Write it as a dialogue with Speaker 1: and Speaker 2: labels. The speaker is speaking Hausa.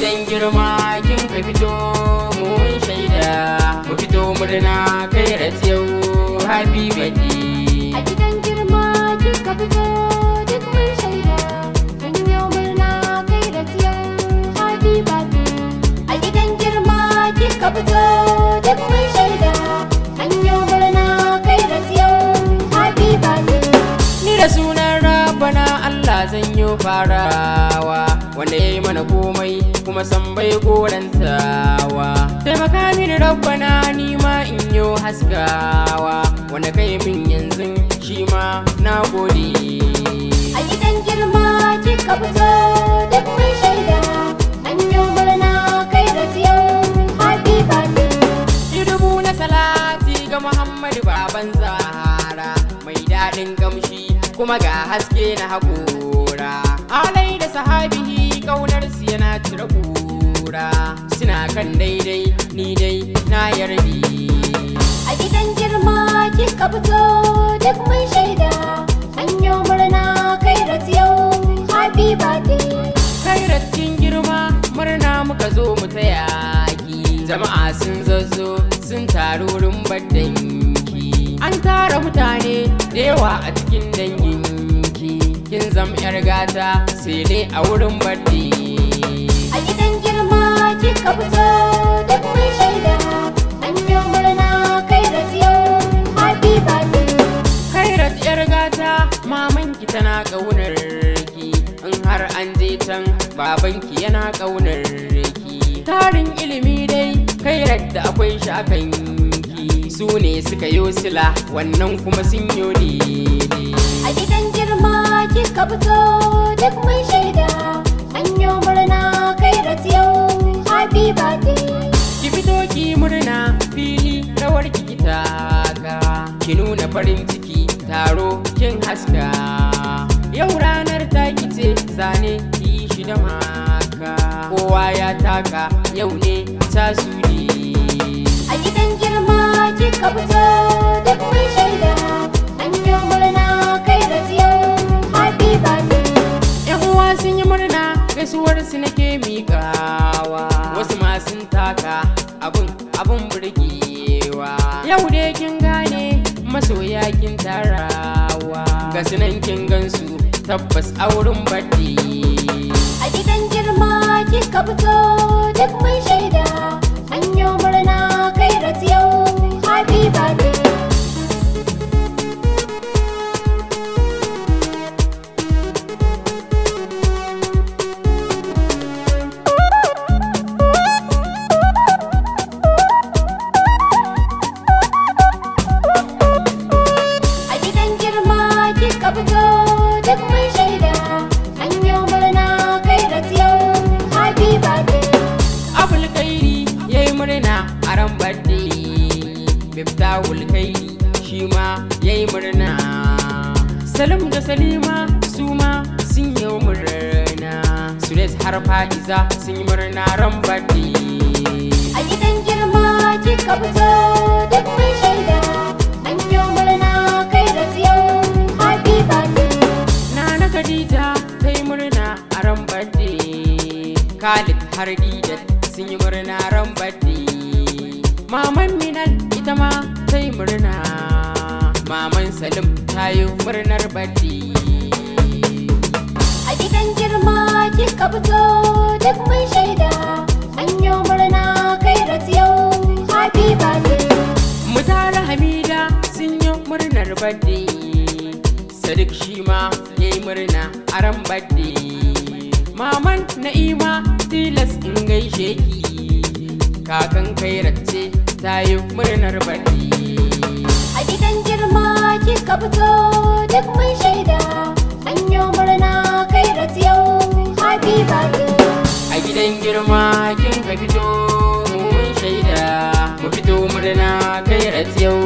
Speaker 1: gidan girma kin ka fito mun shaida mu fito murna kai yau habibati
Speaker 2: a gidan girma kin ka fito duk mun shaida mun yau murna kai yau habibati a gidan girma kin ka fito duk mun shaida mun yau murna kai yau habibati ni da
Speaker 1: sunan rabana Allah zan yi farawa wanda ya yi mana ko kuma san bai gorantawa taimaka mini rabbana ni ma in yo haskawa wanda kai min yanzu shi ma na
Speaker 2: gode a gidan girma kika fito duk mun shaida an yi murna kai da siyan happy birthday
Speaker 1: dubu na salati ga muhammadu baban zahara mai daɗin gamshi kuma ga haske na haƙora alai da sahabihi ƙaunar yana cire ƙura suna kan daidai ni dai na yarbi
Speaker 2: a gidan girma kika fito duk mun shaida an yi murna kairat yau happy birthday kairat cin
Speaker 1: girma murna muka zo mu ta yaƙi jama'a sun zazzo sun taru rumbar danki an tara mutane da yawa a cikin dangin zam yar gata sai dai a wurin baddi
Speaker 2: A gidan girma kika fito duk mun shaida an yi murna da yau happy birthday. Kairat yar gata
Speaker 1: maman ki tana ƙaunar ki in har an je can babanki yana ƙaunar ki. Tarin ilimi dai Kairat da akwai shi akan ki su ne suka yi sila wannan kuma sun yi
Speaker 2: A gidan girma kika fito duk mun shaida an murna kai rat yau happy birthday ki fito ki murna fili
Speaker 1: rawar ki kitaka ki nuna farin ciki taro kin haska yau ranar ta ce zane ki shi da maka kowa ya taka yau ne ta su a gidan
Speaker 2: girma kika fito
Speaker 1: haka abun abun burgewa yau dai kin gane masoya kin tarawa ga sunan kin gansu tabbas auren baddi
Speaker 2: a gidan girma kika fito duk mai shaida an yi murna kai ratiya
Speaker 1: salima ya murna salim da salima su ma sun yi murna sules har fa'iza sun yi murna ran a
Speaker 2: gidan girma kika fito duk mai shaida an yi murna kai da siyan happy
Speaker 1: birthday nana khadija ta yi murna a ran bade. khalid har dida sun yi murna ran bade. maman minal ita ma ta yi murna maman salim ta yi murnar
Speaker 2: bati a gidan girma kika fito duk mun shaida an yi murna kai yau happy birthday
Speaker 1: mutara hamida sun yi murnar bati sadik shi ma ya yi murna a ran birthday maman na'ima tilas in gaishe ki kakan kairace race ta yi murnar bati
Speaker 2: a gidan girma kika fito duk mun shaida an yi murna kai yau happy birthday
Speaker 1: a gidan girma kin fito mun shaida mu fito murna kai yau